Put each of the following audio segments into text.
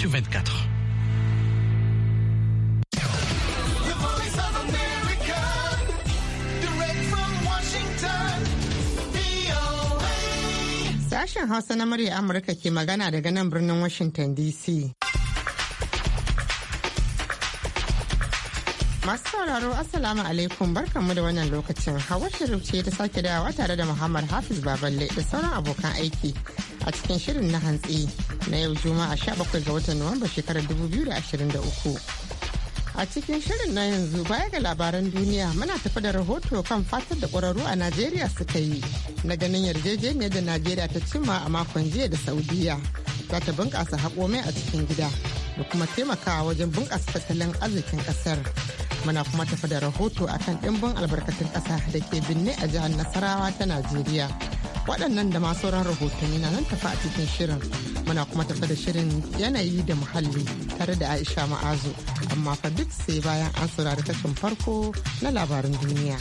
sur 24. Sashen Hausa na murya Amurka ke magana daga nan birnin Washington DC. Masu sauraro Assalamu alaikum barkanmu da wannan lokacin. Hawar shirin ce ta sake dawowa tare da Muhammad Hafiz Baballe da sauran abokan aiki. a cikin shirin na hantsi na yau juma'a 17 ga watan nuwamba shekarar 2023 a cikin shirin na yanzu baya ga labaran duniya muna tafi da rahoto kan fatar da ƙwararru a najeriya suka yi na ganin yarjejeniyar da najeriya ta cimma a makon jiya da saudiya za ta bunƙasa haƙo mai a cikin gida da kuma taimakawa wajen bunƙasa tattalin arzikin ƙasar. Muna kuma tafi da rahoto a kan ɗimbin albarkatun ƙasa da ke binne a jihar Nasarawa ta Najeriya. Waɗannan da ma sauran rahotanni na nan tafi a cikin shirin. Muna kuma tafi da shirin yanayi da muhalli tare da Aisha Ma'azu. Amma fa duk sai bayan an saurari kashin farko na labarin duniya.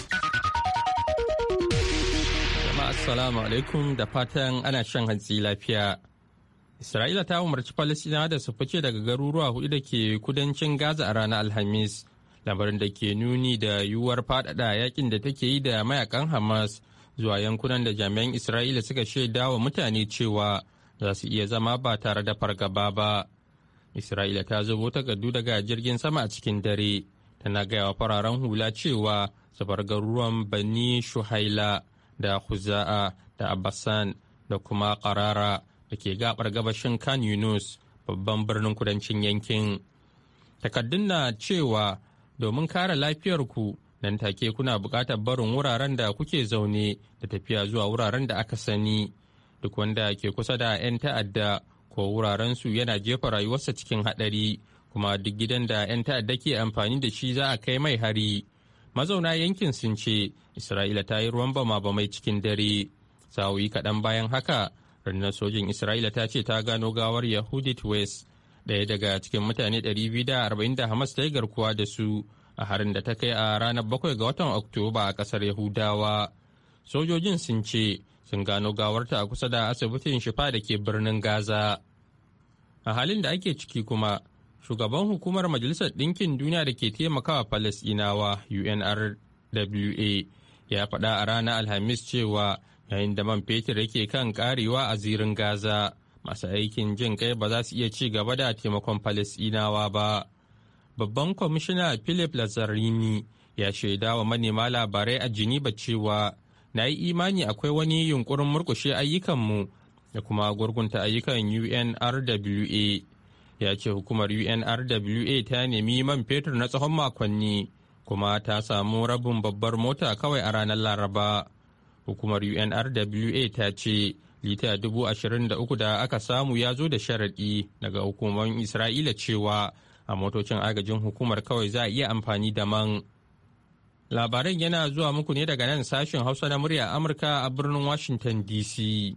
Jama'a assalamu alaikum da fatan ana shan hantsi lafiya. Isra'ila ta umarci Falasina da su fice daga garuruwa hudu da ke kudancin Gaza a ranar Alhamis, lamarin da ke nuni da yiwuwar faɗaɗa yakin da take yi da mayakan Hamas zuwa yankunan da jami'an Isra'ila suka shaida wa mutane cewa za su iya zama ba tare da fargaba ba. Isra'ila ta zubo takardu daga jirgin sama a cikin dare, tana gaya wa fararen hula cewa su bar garuruwan Bani Shuhaila da Huza'a da Abbasan da kuma Qarara. da ke gabar gabashin Khan Yunus babban birnin kudancin yankin. Takaddun na cewa domin kare lafiyarku nan take kuna buƙatar barin wuraren da kuke zaune da tafiya zuwa wuraren da aka sani duk wanda ke kusa da 'yan ta'adda ko wuraren su yana jefa rayuwarsa cikin haɗari kuma duk gidan da 'yan ta'adda ke amfani da shi za a kai mai hari. mazauna yankin sun ce isra'ila ta yi ruwan bama ba mai cikin dare sa'o'i kaɗan bayan haka rundunar sojin isra'ila ta ce ta gano gawar yahudit west ɗaya daga cikin mutane 240 da hamas ta yi garkuwa da su a harin da ta kai a ranar 7 ga watan oktoba a ƙasar yahudawa sojojin sun ce sun gano gawarta a kusa da asibitin shifa da ke birnin gaza a halin da ake ciki kuma shugaban hukumar majalisar ɗinkin duniya da ke taimakawa falasɗinawa unrwa ya faɗa a ranar alhamis cewa yayin da man fetur yake kan karewa a zirin gaza masu aikin jin kai ba za su iya ci gaba da taimakon falasinawa ba babban kwamishina philip lazzarini ya shaida wa manema labarai a geneva cewa na yi imani akwai wani yunkurin murkushe ayyukanmu da kuma gurgunta ayyukan unrwa ya ce hukumar unrwa ta nemi man fetur na tsawon makonni kuma ta samu rabin babbar mota kawai a ranar laraba Hukumar UNRWA ta ce lita dubu ashirin da uku da aka samu ya zo da sharaɗi daga hukumar Isra'ila cewa a motocin agajin hukumar kawai za a iya amfani da man. Labaran yana zuwa muku ne daga nan sashen Hausa na murya Amurka a birnin Washington DC.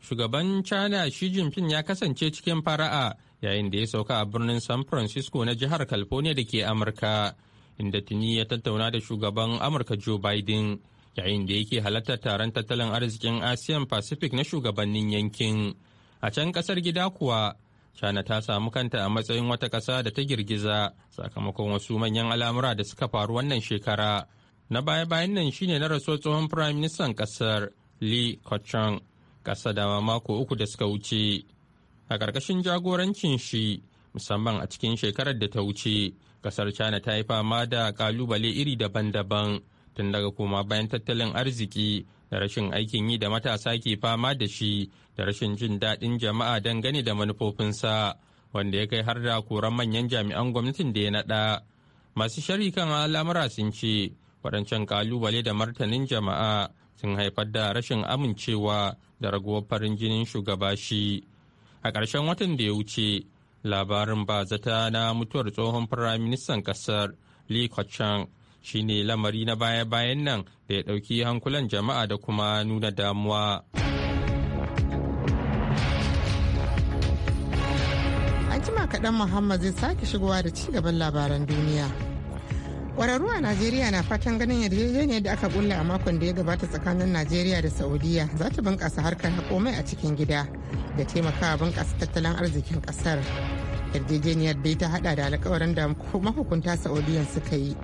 Shugaban China Xi Jinping ya kasance cikin fara'a yayin da ya sauka a birnin San Francisco na jihar California da ke Amurka, inda tuni ya tattauna da shugaban Amurka Joe Biden. yayin da yake halartar taron tattalin arzikin asiyan pacific na shugabannin yankin a can kasar gida kuwa china ta samu kanta a matsayin wata ƙasa da ta girgiza sakamakon wasu manyan al'amura da suka faru wannan shekara na baya-bayan nan shine na raso tsohon firaministan ƙasar li kochang ƙasa da mako uku da suka wuce a ƙarƙashin jagorancin shi musamman a cikin shekarar da ta wuce ƙasar china ta yi fama da ƙalubale iri daban-daban tun daga koma bayan tattalin arziki da rashin aikin yi da matasa ke fama da shi da rashin jin daɗin jama'a dangane da manufofinsa wanda ya kai har da koran manyan jami'an gwamnatin da ya naɗa masu sharikan kan al'amura sun ce waɗancan kalubale da martanin jama'a sun haifar da rashin amincewa da raguwar farin jinin shugaba shi a ƙarshen watan da ya wuce labarin ba zata na mutuwar tsohon firaministan ƙasar lee kwachang shine lamari na baya-bayan nan da ya ɗauki hankulan jama'a da kuma nuna damuwa. An jima kaɗan Muhammad zai sake shigowa da ci gaban labaran duniya. Ƙwararru a Najeriya na fatan ganin yarjejeniyar da aka kulla a makon da ya gabata tsakanin Najeriya da Saudiya za ta bunƙasa harkar komai a cikin gida da taimakawa bunƙasa tattalin arzikin ƙasar. Yarjejeniyar dai ta hada da alkawarin da mahukunta Saudiyan suka yi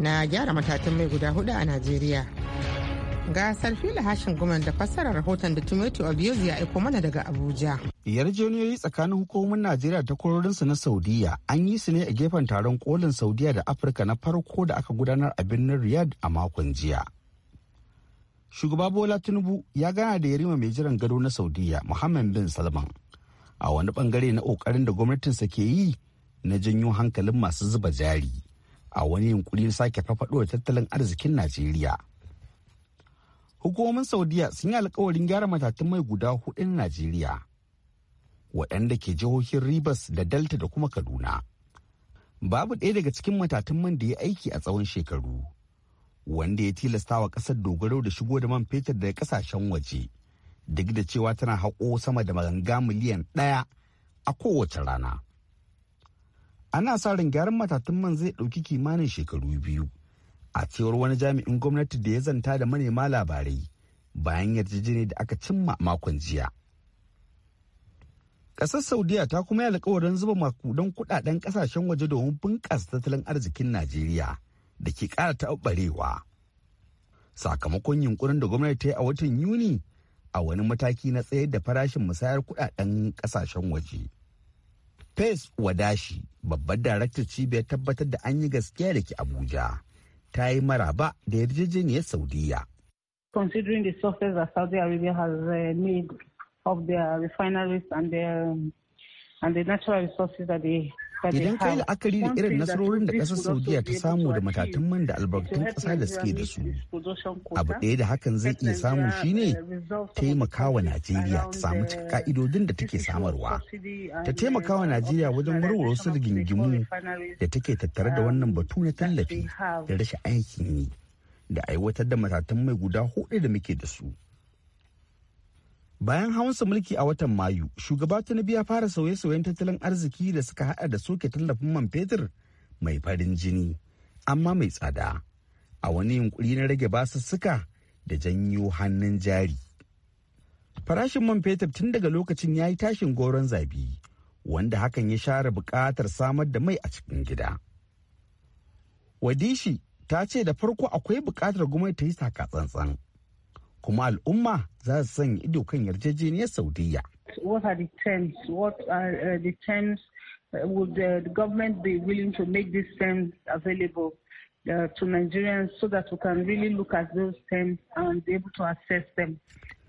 na gyara matatan mai guda hudu a najeriya ga da hashin guman da fassarar rahoton da timothy obiozu ya aiko mana daga abuja yarjejeniyoyi tsakanin hukumomin najeriya da takwarorinsu na saudiya an yi su ne a gefen taron kolin saudiya da afirka na farko da aka gudanar a birnin riyadh a makon jiya shugaba bola tinubu ya gana da yarima mai jiran gado na saudiya muhammad bin salman a wani bangare na kokarin da gwamnatinsa ke yi na janyo hankalin masu zuba jari a wani yunkuri sake farfaɗo da tattalin arzikin Najeriya. Hukumomin Saudiya sun yi alkawarin gyara matatun mai guda hudun Najeriya, waɗanda ke jihohin Ribas da Delta da kuma Kaduna. Babu ɗaya daga cikin matatun man da ya aiki a tsawon shekaru, wanda ya tilasta wa ƙasar dogaro da shigo da man fetur daga ƙasashen waje, duk da cewa tana haƙo sama da maganga miliyan ɗaya a kowace rana. ana sa ran gyaran matatun man zai ɗauki kimanin shekaru biyu a cewar wani jami'in gwamnati da ya zanta da manema labarai bayan yarjejeniyar da aka cimma makon jiya ƙasar saudiya ta kuma yi alkawarin zuba makudan kudaden ƙasashen waje domin bunƙasa tattalin arzikin najeriya da ke ƙara taɓarewa sakamakon yunkurin da gwamnati ta yi a watan yuni a wani mataki na tsayar da farashin musayar kudaden ƙasashen waje. Fes Wadashi, babbar daraktar cibiyar tabbatar da an yi gaskiya da ke Abuja, ta yi maraba da yarjejeniyar Saudiya. Considering the success that Saudi Arabia has uh, made of their refineries and their, um, and the natural resources that they Idan kai la'akari da irin nasarorin da ƙasar Saudiya ta samu da matatun man da albarkatun ƙasa da suke da su, abu ɗaya da hakan zai iya samu shine eh, taimakawa Najeriya ta samu cika ka'idodin da take samarwa. Ta eh, taimakawa Najeriya wajen warware wasu rigingimu da take tattare da wannan um, batu na tallafi da rashin aikin yi da aiwatar da matatun mai guda hudu da muke da su. bayan hawansa mulki a watan mayu shugaba ta ya fara sauye-sauyen tattalin arziki da suka hada da soke tallafin man fetur mai farin jini amma mai tsada a wani yunkuri na rage basussuka da janyo hannun jari farashin man fetur tun daga lokacin ya yi tashin goron zabi wanda hakan ya share buƙatar samar da mai a cikin gida wadishi ta ce da farko akwai buƙatar gwamnati ta yi tsantsan kuma al'umma za su sanya ido kan yarjejeniyar saudiya what are the terms what are uh, the terms uh, would uh, the government be willing to make these terms available to Nigerians so that we can really look at those terms and be able to assess them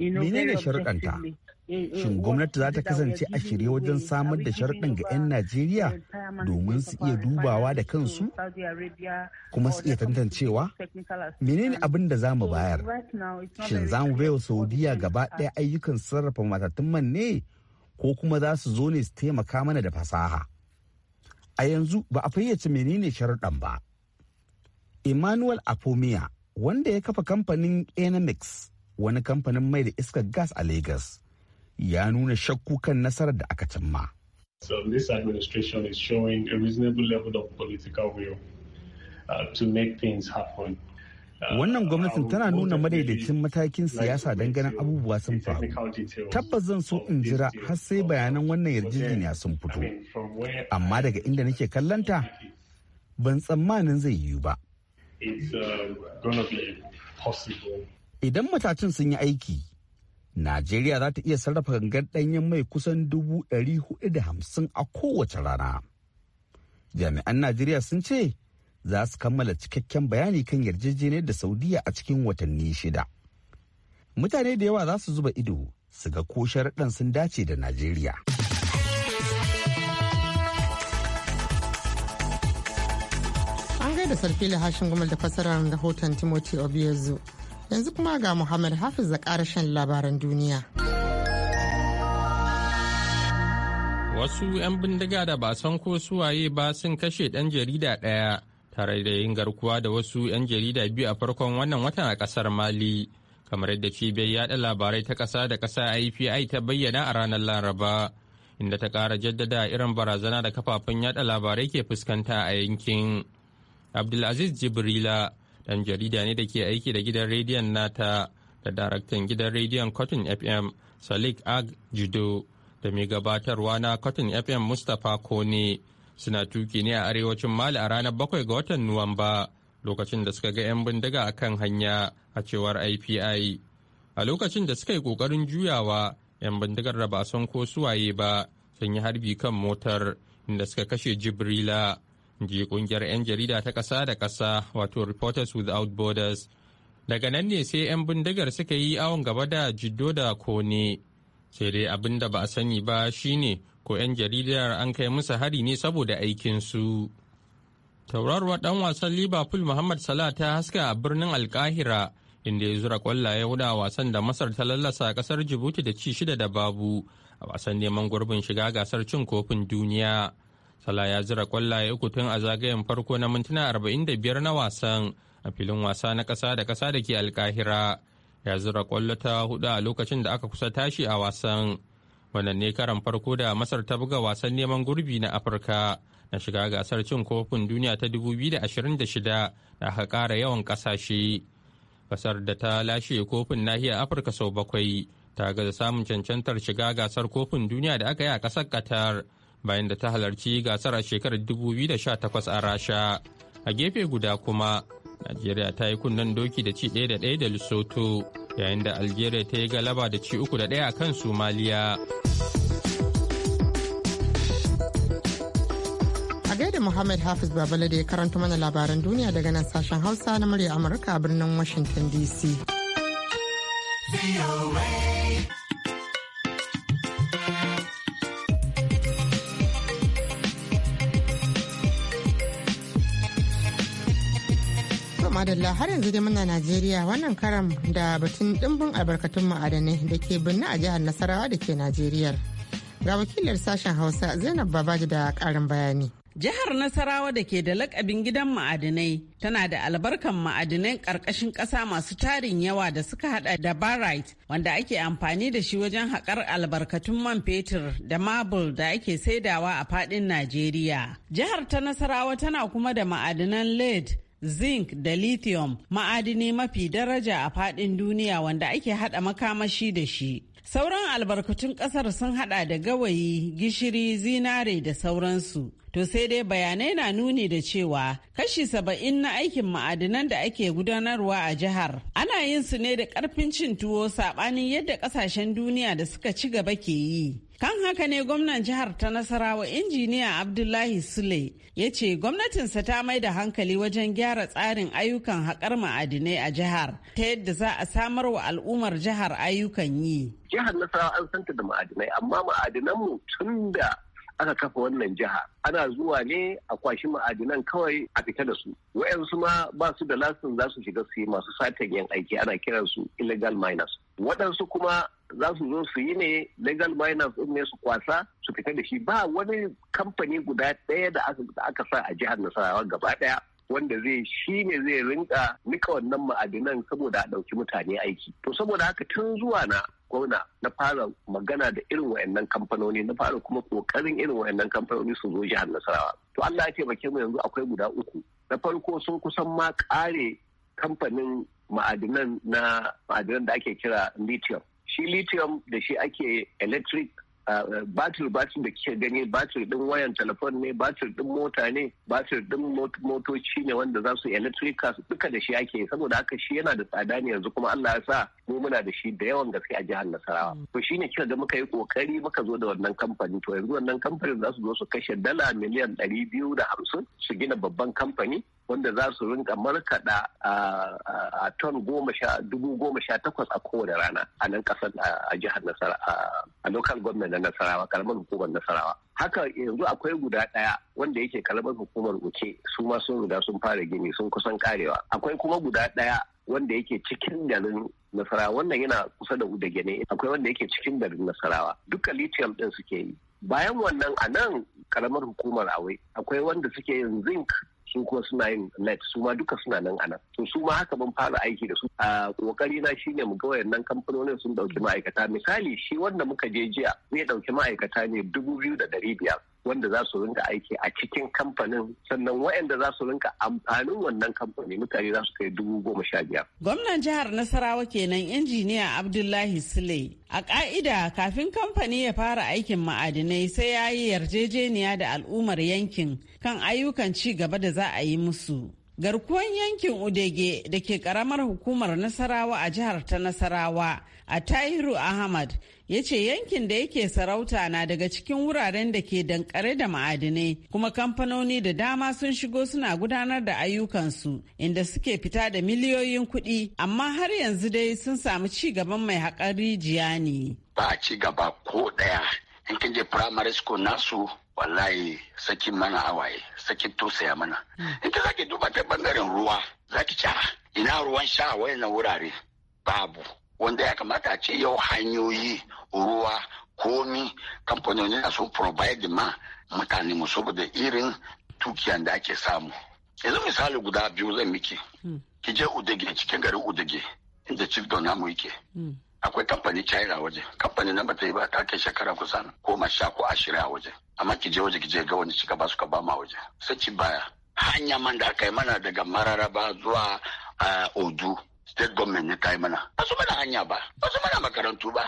you know menene sharuɗanta Eh, eh, Shin gwamnati za ta kasance a shirye wajen samar da sharuɗin ga 'yan Najeriya domin su iya dubawa da kansu kuma su iya tantancewa? Menene abin da za mu bayar? Shin za mu baiwa Saudiya gaba ɗaya ayyukan sarrafa matattun man ne ko kuma za su zo ne su taimaka mana da fasaha? A yanzu ba a fayyace menene sharuɗan ba. Emmanuel Apomia wanda ya kafa kamfanin Enemix wani kamfanin mai da iskar gas a Lagos. ya nuna shakku kan nasarar da aka cimma. So this administration is showing a level of political will uh, to make things happen. Uh, wannan gwamnatin tana nuna madaidaicin matakin siyasa don ganin abubuwa sun faru. Tabbas zan so in jira har sai bayanan wannan yarjejeniya sun fito. Amma daga inda nake kallanta, ban tsammanin zai yiwu ba. Uh, Idan matacin sun yi aiki, Najeriya za ta iya sarrafa gangar ɗanyen mai kusan dubu ɗari hudu da hamsin a kowace rana. Jami'an Najeriya sun ce za su kammala cikakken bayani kan yarjejeniyar da Saudiya a cikin watanni shida. Mutane da yawa za su zuba ido su ga ko sharaɗan sun dace da Najeriya. An gaida sarfili hashin gumal da fasarar rahoton Timothy Obiezu. yanzu kuma ga muhammad hafiz da shan labaran duniya wasu 'yan bindiga da ba san ko suwaye ba sun kashe ɗan jarida ɗaya tare da yin garkuwa da wasu 'yan jarida biyu a farkon wannan watan a ƙasar mali kamar yadda cibiyar yada labarai ta ƙasa da ƙasa ipi ta bayyana a ranar laraba inda ta ƙara jaddada irin barazana da kafafen yada labarai ke fuskanta a yankin abdulaziz jibrila ɗan jarida ne da ke aiki da gidan rediyon nata da daraktan gidan rediyon cotton fm salik ag judo da mai gabatarwa na cotton fm mustapha kone suna tuki ne a arewacin mali a ranar bakwai ga watan nuwamba lokacin da suka ga 'yan bindiga a kan hanya a cewar ipi a lokacin da suka yi ƙoƙarin juyawa 'yan bindigar da ba san ko suwaye ba sun yi harbi kan motar inda suka kashe jibrila ji kungiyar 'yan jarida ta ƙasa da ƙasa wato reporters without borders daga nan ne sai 'yan bindigar suka yi awon gaba da jiddo da kone sai dai abin da ba a sani ba shine ko 'yan jaridar an kai musu hari ne saboda aikinsu tauraruwar dan wasan liverpool muhammad salah ta haska a birnin alkahira inda ya zura kwallaye huda wasan da masar ta lallasa kasar jibuti da ci shida da babu a wasan neman gurbin shiga gasar cin kofin duniya Salah ya zira kwallaye uku tun a zagayen farko na mintuna 45 na wasan a filin wasa na ƙasa da ƙasa da ke alkahira. Ya zira kwallo ta hudu a lokacin da aka kusa tashi a wasan. Wannan ne karan farko da Masar ta buga wasan neman gurbi na Afirka na shiga gasar cin kofin duniya ta 2026 da aka ƙara yawan ƙasashe. Ƙasar da ta lashe kofin nahiyar Afirka sau bakwai ta gaza samun cancantar shiga gasar kofin duniya da aka yi a ƙasar Qatar. bayan da ta halarci gasar a shekarar 2018 a rasha a gefe guda kuma najeriya ta yi kunnen doki da ci ɗaya da ɗaya da lesotho yayin da algeria ta yi galaba da ci uku da ɗaya a kan somaliya a gaida muhammad hafiz babala da ya karanta mana labaran duniya daga nan sashen hausa na murya amurka a birnin washington dc madalla har yanzu da muna Najeriya wannan karam da batun dimbin albarkatun ma'adanai da ke binne a jihar Nasarawa da ke Najeriya. Ga wakilar sashen Hausa Zainab Babaji da karin bayani. Jihar Nasarawa da ke da lakabin gidan ma'adinai tana da albarkan ma'adinai ƙarƙashin ƙasa masu tarin yawa da suka hada da barite wanda ake amfani da shi wajen haƙar albarkatun man fetur da marble da ake saidawa a faɗin Najeriya. Jihar ta Nasarawa tana kuma da ma'adinan lead zinc da lithium ma'adini mafi daraja a faɗin duniya wanda ake haɗa makamashi da shi. Sauran albarkatun ƙasar sun haɗa da gawayi, gishiri, zinare da sauransu. To sai dai bayanai na nuni da cewa kashi saba'in na aikin ma'adinan da ake gudanarwa a jihar ana yin su ne da ƙarfin cin tuwo saɓanin yadda ƙasashen duniya da suka ci gaba ke yi. Kan haka ne gwamnan jihar ta Nasarawa injiniya Abdullahi Sule ya ce gwamnatinsa ta mai da hankali wajen gyara tsarin ayyukan haƙar ma'adinai a jihar ta yadda za a samar wa al'ummar jihar ayyukan yi. Jihar Nasarawa an santa da ma'adinai amma ma'adinanmu tun da aka kafa wannan jiha ana zuwa ne a kwashi ma'adinan kawai a fita da su wayansu ma ba su da lasin za su shiga su yi masu satan yin aiki ana kiransu illegal miners waɗansu kuma za su zo su yi ne legal miners ne su kwasa su fita da shi ba wani kamfani guda ɗaya da aka sa a jihar nasarawa gaba ɗaya wanda zai shi ne zai rinka nika wannan ma'adinan saboda a ɗauki mutane aiki to saboda haka tun zuwa na gwamna na fara magana da irin wayannan kamfanoni na fara kuma kokarin irin wayannan kamfanoni su zo jihar nasarawa to allah ya taimake mu yanzu akwai guda uku na farko sun kusan ma kare kamfanin ma'adinan na ma'adinan da ake kira lithium shi lithium da shi ake electric batir uh, uh, batir da kike gani batir din wayan telefon ne batir din mota ne batir din motoci ne wanda za su electric cars duka da shi ake saboda haka shi yana da tsada ne yanzu kuma Allah ya sa mu muna da shi da yawan gaske a jihar Nasarawa mm. to ne kika ga muka yi kokari muka zo da wannan kamfani to yanzu wannan kamfanin za su zo su kashe dala miliyan ɗari biyu da hamsin su gina babban kamfani wanda za su rinka markaɗa a ton dubu goma sha takwas a kowane rana a nan ƙasar a jihar nasarawa a local government na nasarawa ƙaramar hukumar nasarawa haka yanzu akwai guda ɗaya wanda yake karamar hukumar uce su ma sun riga sun fara gini sun kusan karewa akwai kuma guda ɗaya wanda yake cikin garin nasarawa wannan yana kusa da gene akwai wanda yake cikin garin nasarawa duka lithium ɗin suke yi bayan wannan a nan ƙaramar hukumar awai akwai wanda suke yin zinc su kuma suna yin net su ma duka suna nan anan to su ma haka mun fara aiki da su a kokari na shine mu ga wayannan kamfanonin sun dauki ma'aikata misali shi wanda muka je jiya zai dauki ma'aikata ne dubu biyu da dari biyar wanda za su rinka aiki a cikin kamfanin sannan waɗanda za su rinka amfanin wannan kamfani mutane za su kai dubu goma sha biyar. Gwamnan jihar Nasarawa kenan injiniya Abdullahi Sule. A ka'ida kafin kamfani ya fara aikin ma'adinai sai ya yi yarjejeniya da al'ummar yankin kan ayyukan ci gaba da za a yi musu. Garkuwan yankin Udege da ke ƙaramar hukumar Nasarawa a jihar ta Nasarawa a Tahiru Ahmad ya ce yankin da yake sarauta na daga cikin wuraren da ke dankare da ma'adinai kuma kamfanoni da dama sun shigo suna gudanar da ayyukansu inda suke fita da miliyoyin kuɗi amma har yanzu dai sun samu ci gaban mai haƙar rijiya ne. Ba a ci gaba ko ɗaya in kin je primary school nasu wallahi saki mana hawaye saki tosaya mana hmm. in ka zaki duba ta bangaren ruwa zaki cara ah, ina ruwan sha wayannan wurare babu wanda ya kamata a ce yau hanyoyi ruwa komi kamfanoni na sun provide ma mutane mu saboda irin tukiyan da ake samu yanzu misali guda biyu zan miki hmm. ki je udage cikin garin udage inda chief don namu yake hmm. akwai kamfani china waje kamfani na bata yi ba ta kai shekara kusan ma sha ko ashirin a waje amma ki je waje ki je ga wani cika ba suka ba ma waje sai ci baya hanya man da aka yi mana daga mararaba zuwa eh, odu state government ya kai mana ba su mana hanya ba ba su mana makarantu ba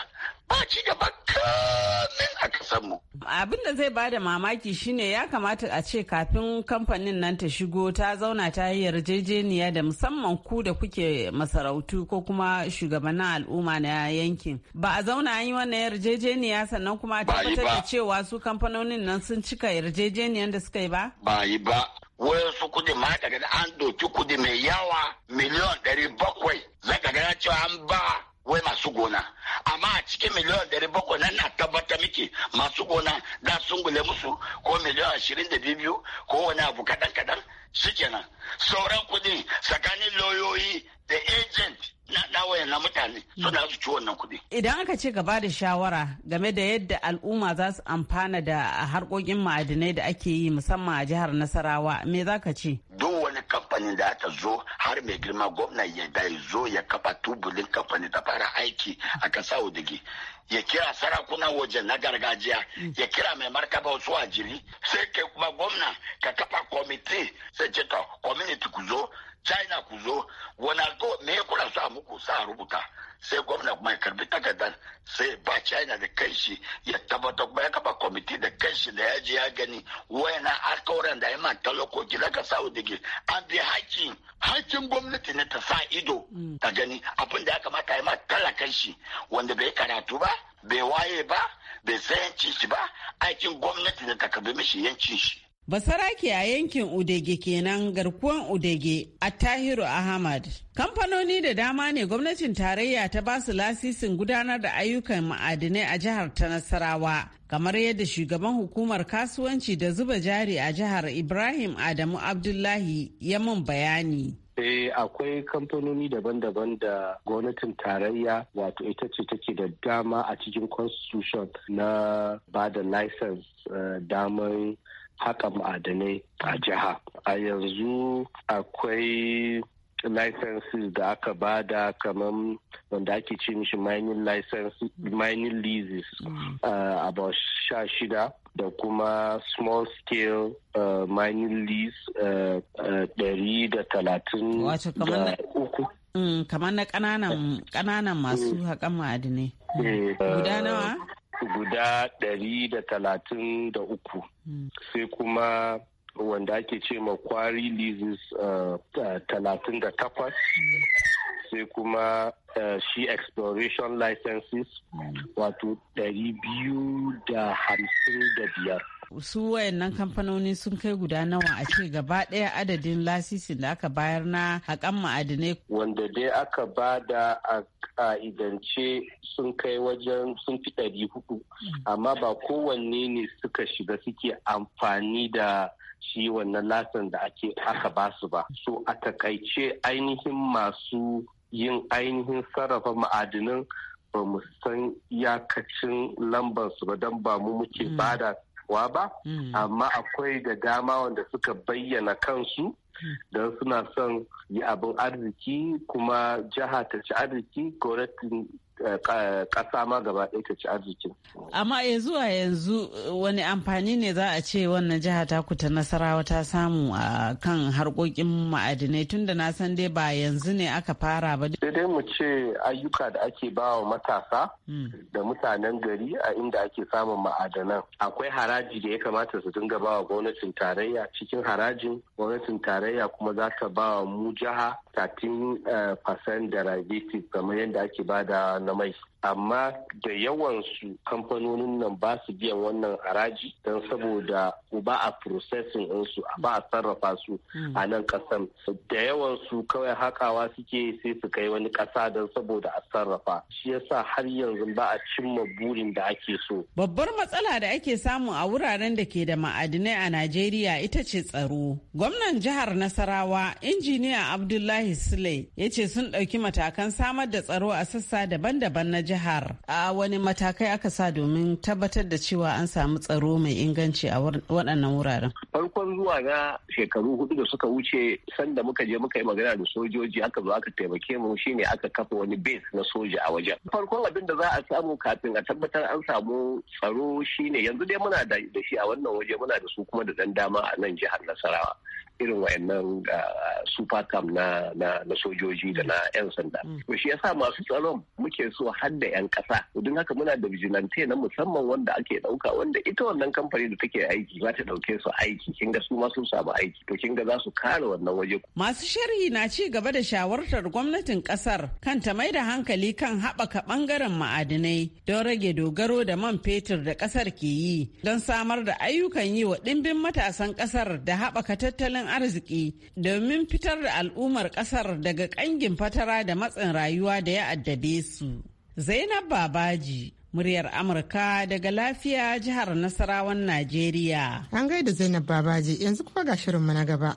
ba ci gaba kamin a kasar mu abin da zai bada mamaki shine ya kamata a ce kafin kamfanin nan ta shigo ta zauna ta yi yarjejeniya da musamman ku da kuke masarautu ko kuma shugabannin al'umma na yankin ba a zauna an yi wannan yarjejeniya sannan kuma a tabbatar da cewa su kamfanonin nan sun cika yarjejeniyan da suka yi ba ba yi ba wasu kudi ma ka an doki kudi mai yawa miliyon ɗari bakwai za ka ga cewa an ba wai masu gona amma a cikin miliyan dari bakwai nan na tabbata miki masu gona da sun gule musu ko miliyan ashirin da biyu ko wani abu kaɗan kaɗan shikenan sauran kudin tsakanin lauyoyi da agent na dawaye na mutane mm. suna su ci wannan kudi. Idan aka ce gaba da shawara game da yadda al'umma za su amfana da harkokin ma'adinai da ake yi musamman a jihar Nasarawa me za ka ce? kamfanin da aka zo har mai girma gwamna ya da zo ya kafa tubulin kamfanin ta fara aiki a kasa udigi ya kira sarakuna wajen na gargajiya ya kira mai markaba wasu a jiri sai kai kuma gwamna ka kafa kwamiti sai ce ka kwamiti ku zo china ku zo wani alko me kura su a muku sa rubuta sai gwamna kuma ya karbi takardar sai ba china da kanshi ya tabbatar kuma ya kafa kwamiti da kanshi da yaji ya gani wayana alkawaran da ya ma talakoki da ka sa'u dake an bi hakkin hakkin gwamnati ne ta sa ido mm. ta gani abin da ya kamata ya ma talakan shi wanda bai karatu ba bai waye ba bai san yanci shi ba aikin gwamnati ne ta karbi mishi yancin shi Basarake a yankin Udege kenan garkuwan Udege a Tahiru Ahmad. Kamfanoni da dama ne gwamnatin tarayya ta basu lasisin gudanar da ayyukan ma'adinai a jihar ta Nasarawa. Kamar yadda shugaban hukumar kasuwanci da zuba jari a jihar Ibrahim Adamu Abdullahi ya mun bayani. Eh, akwai kamfanoni daban-daban da gwamnatin tarayya wato ita ce take da dama a cikin constitution na ba da license uh, eh, damar haka ma'adanai a jiha a yanzu akwai licenses da aka bada kamar wanda ake ce mishi mining license mining leases mm. uh, about sha shida da kuma small scale uh, mining lease uh, uh, ɗari da talatin da uku mm, kamar na ƙananan masu mm. haƙan ma'adinai eh, guda nawa guda ɗari da talatin da uku hmm. sai kuma wanda ake ce ma kwari leases uh, talatin da takwas sai kuma uh, shi exploration licenses hmm. wato ɗari biyu da hamsin da biyar su wayannan kamfanoni sun kai guda nawa a ce gaba ɗaya adadin lasisin da aka bayar na haƙan ma'adinai. Wanda dai aka ba da a ka'idance sun kai wajen sun fi ɗari hudu, amma ba kowanne ne suka shiga suke amfani da shi wannan lasin da ake aka ba su ba. So a takaice ainihin masu yin ainihin sarrafa ma'adinan ba mu san iyakacin lambar su ba don ba mu muke mm. bada kasuwa ba hmm. amma akwai da dama wanda suka bayyana kansu don suna son yi abin arziki kuma jiha ta ci arziki gwamnatin ƙasa ma gaba ɗaya ta ci arzikin. Amma ya zuwa yanzu wani amfani ne za a ce wannan jiha ta kuta nasarawa ta samu a kan harkokin ma'adinai tun da na san dai ba yanzu ne aka fara ba. Daidai mu ce ayyuka da ake ba wa matasa hmm. da mutanen gari a inda ake samun ma'adanan. Akwai haraji da ya kamata su dinga ba wa gwamnatin tarayya cikin harajin gwamnatin tarayya kuma za ta ba wa mu jiha 13% eh, da kamar yadda ake ba da I'm mai amma da yawansu kamfanonin nan ba su biyan wannan haraji don saboda ba a processing ɗinsu ba a sarrafa su hmm. a nan ƙasan da yawansu kawai hakawa suke sai su kai wani ƙasa don saboda a sarrafa shi yasa har yanzu ba a cimma burin da ake so babbar matsala da ake samu a wuraren da ke da ma'adinai a najeriya ita ce tsaro gwamnan jihar nasarawa injiniya abdullahi sule ya ce sun ɗauki matakan samar da tsaro a sassa daban-daban na jihar a wani matakai aka sa domin tabbatar da cewa an samu tsaro mai inganci a waɗannan wuraren farkon zuwa na shekaru hudu da suka wuce sanda muka je muka yi magana da sojoji aka zo aka taimake mu shine aka kafa wani base na soja a wajen farkon abin da za a samu kafin a tabbatar an samu tsaro shine yanzu dai muna da shi a wannan waje muna da su kuma da dan dama a nan jihar nasarawa irin wayannan ah, super cam na sojoji da na 'yan sanda mm. to shi yasa masu tsaron muke so har da 'yan kasa don haka muna da vigilante na musamman wanda ake dauka wanda ita wannan kamfani da take aiki za ta dauke su aiki kin ga su ma sun samu aiki to kin ga za su kare wannan waje masu sharhi na ci gaba da shawartar gwamnatin kasar kan ta mai da hankali kan haɓaka ɓangaren ma'adinai don rage dogaro da man fetur da kasar ke yi don samar da ayyukan yi wa ɗimbin matasan kasar da haɓaka tattalin arziki domin fitar da al'ummar kasar daga kangin fatara da matsin rayuwa da ya addabe su. Zainab Babaji, muryar Amurka daga lafiya jihar Nasarawan Najeriya. An gaida Zainab Babaji yanzu kuma ga shirinmu na gaba.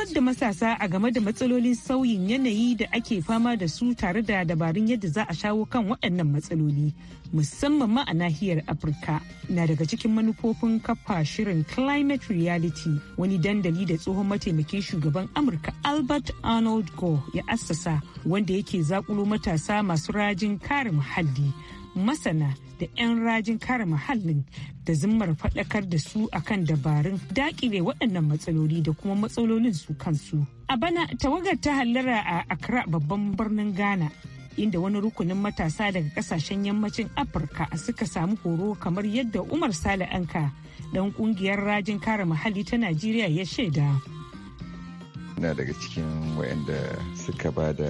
horar da matasa a game da matsalolin sauyin yanayi da ake fama da su tare da dabarun yadda za a shawo kan waɗannan matsaloli musamman ma a nahiyar afirka na daga cikin manufofin kafa shirin climate reality wani dandali da tsohon mataimakin shugaban amurka albert arnold gore ya assasa wanda yake zakulo matasa masu rajin kare muhalli masana da 'yan rajin kare muhallin da zimmar faɗakar da su akan dabarun dakile waɗannan matsaloli da kuma matsalolin su kansu. A bana tawagar ta hallara a Accra babban birnin Ghana inda wani rukunin matasa daga kasashen yammacin Afirka suka samu horo kamar yadda Umar Sale Anka dan kungiyar rajin kare muhalli ta Najeriya ya shaida. na daga cikin waɗanda suka ba da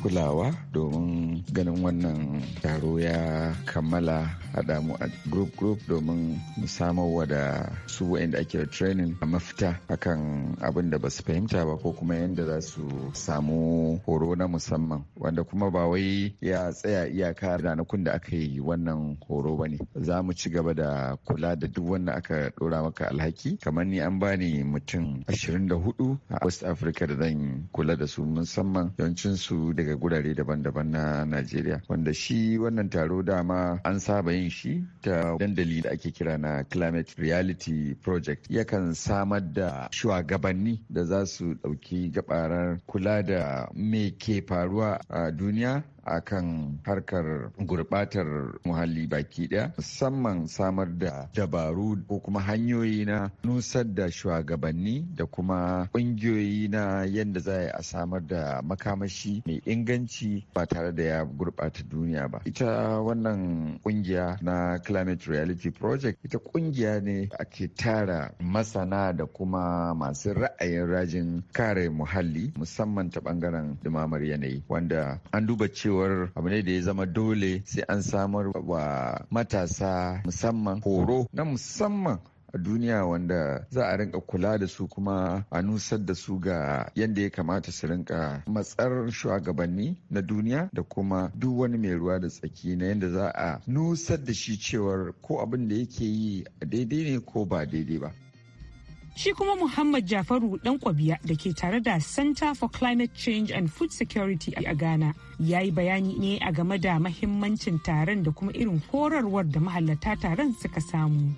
kulawa domin ganin wannan taro ya kammala a damu a group group domin mu samarwa da su waɗanda ake training a mafita akan abin da ba su fahimta ba ko kuma yadda za su samu horo na musamman wanda kuma ba wai ya tsaya iyaka ranakun da aka yi wannan horo ba ne za mu ci gaba da kula da duk wanda aka ɗora maka alhaki kamar ni an bani mutum 24 a west africa afirka da zan kula da su musamman yawancin su daga gurare daban-daban na najeriya wanda shi wannan taro dama an saba yin shi ta dandali da ake kira na climate reality project yakan samar da shugabanni da za su ɗauki gabarar kula da me ke faruwa a duniya a kan harkar gurbatar muhalli baki daya musamman samar da dabaru ko kuma hanyoyi na nusar da shugabanni da kuma kungiyoyi na yadda za a samar da makamashi mai inganci ba tare da ya gurbata duniya ba ita wannan kungiya na climate reality project ita kungiya ne ke tara masana da kuma masu ra'ayin rajin kare muhalli musamman ta bangaren dumamar yanayi wanda an duba cewa cewar abu ne da ya zama dole sai an samar wa matasa musamman horo na musamman a duniya wanda za a rinka kula da su kuma a nusar da su ga yadda ya kamata su rinka matsar shugabanni na duniya da kuma duk wani mai ruwa da tsaki na yadda za a nusar da shi cewar ko abin da yake yi daidai ne ko ba daidai ba. Shi kuma Muhammad Jafaru dan kwabiya da ke tare da Center for Climate Change and Food Security a Ghana ya yi bayani ne a game da mahimmancin taron da kuma irin horarwar da mahallata taron suka samu.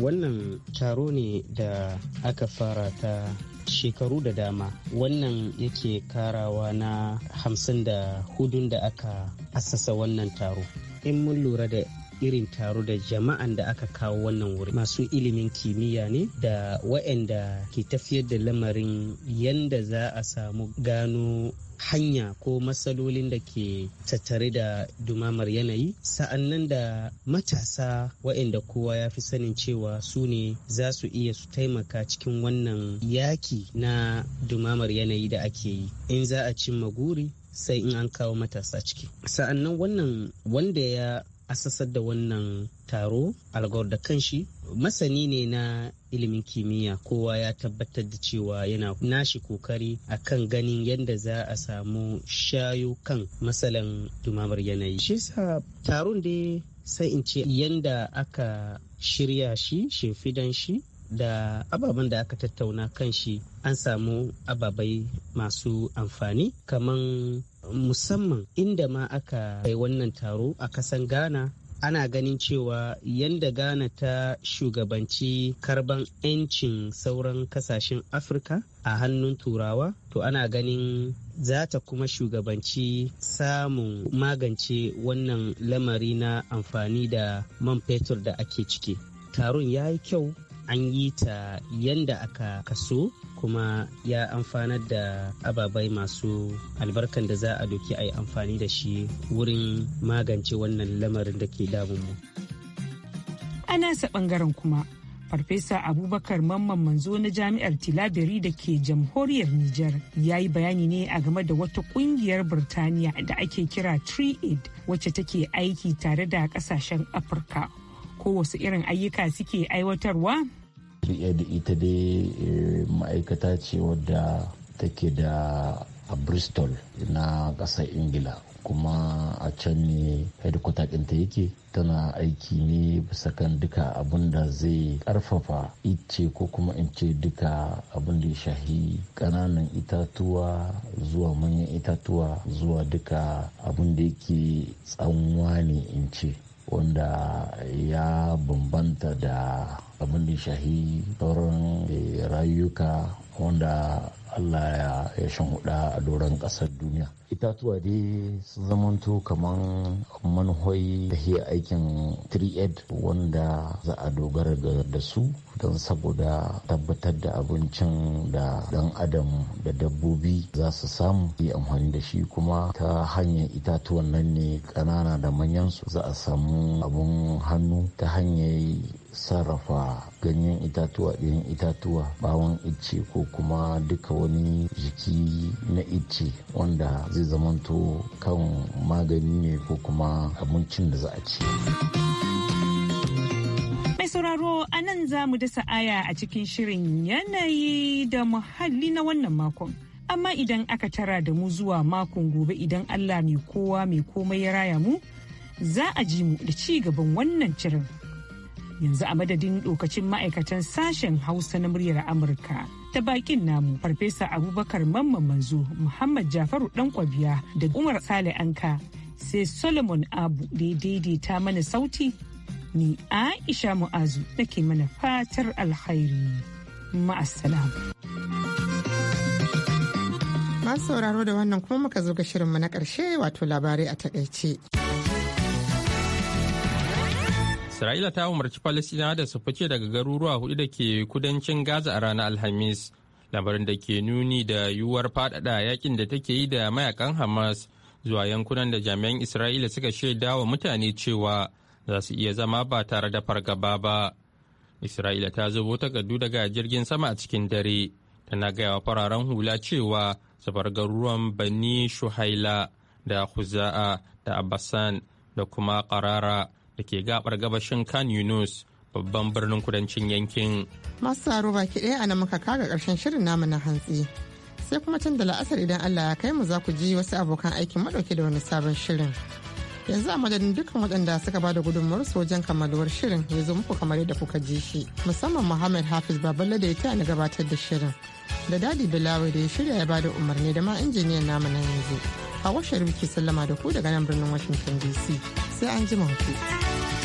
Wannan taro ne da aka fara ta shekaru da dama wannan yake karawa na hamsin da hudun da aka asasa wannan taro in mun lura da irin taro da jama'an da aka kawo wannan wuri masu ilimin kimiyya ne da waɗanda ke tafiyar da lamarin yanda za a samu gano hanya ko matsalolin da ke tattare da dumamar yanayi sa'annan da matasa waɗanda kowa ya fi sanin cewa su ne za su iya su taimaka cikin wannan yaki na dumamar yanayi da ake yi in za a cimma guri sai in an kawo matasa ciki sa'annan wannan wanda ya asasar da wannan taro algor da kanshi masani ne na ilimin kimiyya kowa ya tabbatar da cewa yana nashi kokari a kan ganin yadda za a samu shayo kan matsalan dumamar yanayi shi sa taron dai sai in ce yadda aka shirya shi shefidan shi da ababen da aka tattauna kan shi an samu ababai masu amfani kamar musamman inda ma aka kai wannan taro a kasan ghana ana ganin cewa yadda ghana ta shugabanci karban 'yancin sauran kasashen afirka a hannun turawa to ana ganin za ta kuma shugabanci samun magance wannan lamari na amfani da man fetur da ake ciki taron ya yi kyau an yi ta yanda aka kaso kuma ya amfanar da ababai masu albarkan da za a doki a yi amfani da shi wurin magance wannan lamarin da ke damunmu. A nasa bangaren kuma, Farfesa Abubakar Mamman Manzo na Jami'ar Tilaberi da ke jamhuriyar Nijar ya yi bayani ne a game da wata kungiyar Birtaniya da ake kira Tree Aid wacce take aiki tare da kasashen Afirka ko wasu irin ayyuka suke aiwatarwa? da ita dai eh, ma'aikata ce wadda take da a bristol na ƙasar ingila kuma a can ne headquarter ɗinta yake tana aiki ne bisa kan duka abinda zai karfafa ice ko kuma in ce duka abinda da ya shahi kananan itatuwa zuwa manyan itatuwa zuwa duka abinda yake tsanwa ne in ce wanda ya bambanta da abin da shahi sauran eh, rayuka wanda Allah ya shan huda a doron ƙasar duniya. Itatuwa dai sun zamanto kamar manhoyi da hiya aikin 3 wanda za a dogara da su don saboda tabbatar da abincin da dan adam da dabbobi za su samu yi amfani da shi kuma ta hanyar itatuwan nan ne ƙanana da manyansu za a samu abun hannu ta hanyar sarrafa ganyen itatuwa ɗin itatuwa bawon icce ko kuma duka wani jiki na icce wanda zai zamanto kan magani ne ko kuma abincin da za a ci. Mai sauraro a nan za mu dasa aya a cikin shirin yanayi da muhalli na wannan makon. Amma idan aka tara da mu zuwa makon gobe idan Allah mai kowa mai komai ya raya mu, za a ji mu da ci gaban wannan cirin. yanzu a madadin dokacin ma'aikatan sashen hausa na muryar amurka ta bakin namu farfesa abubakar mamman manzo muhammad jafaru dan kwabiya da umar sale anka sai solomon abu da ya daidaita mana sauti ni aisha mu'azu nake mana fatar alkhairi ma'asalam. masu sauraro da wannan kuma muka zo ga shirinmu na karshe wato labarai a takaice. Isra'ila ta umarci Falasɗinawa da su fice daga garuruwa hudu da ke kudancin Gaza a ranar Alhamis, lamarin da ke nuni da yiwuwar faɗaɗa yakin da take yi da mayakan Hamas zuwa yankunan da jami'an Isra'ila suka shaida wa mutane cewa za su iya zama ba tare da fargaba ba. Isra'ila ta zubo takardu daga jirgin sama a cikin dare, tana gaya wa fararen hula cewa safar garuruwan Bani Shuhaila da Huza'a da Abbasan da kuma Qarara da ke gabar gabashin Khan Yunus babban birnin kudancin yankin. Masu tsaro baki ɗaya a nan muka kaga ƙarshen shirin namu na hantsi. Sai kuma tun da la'asar idan Allah ya kai mu za ku ji wasu abokan aikin maɗauke da wani sabon shirin. Yanzu a madadin dukkan waɗanda suka ba da su wajen kammaluwar shirin ya zo muku kamar yadda kuka ji shi musamman Muhammad Hafiz Babalade da ya ta ni gabatar da shirin. da dadi bilawa da ya shirya ya bada umarni da ma injiniyan namu na yanzu a washe ke sallama da ku daga nan birnin washington dc sai an ji ku.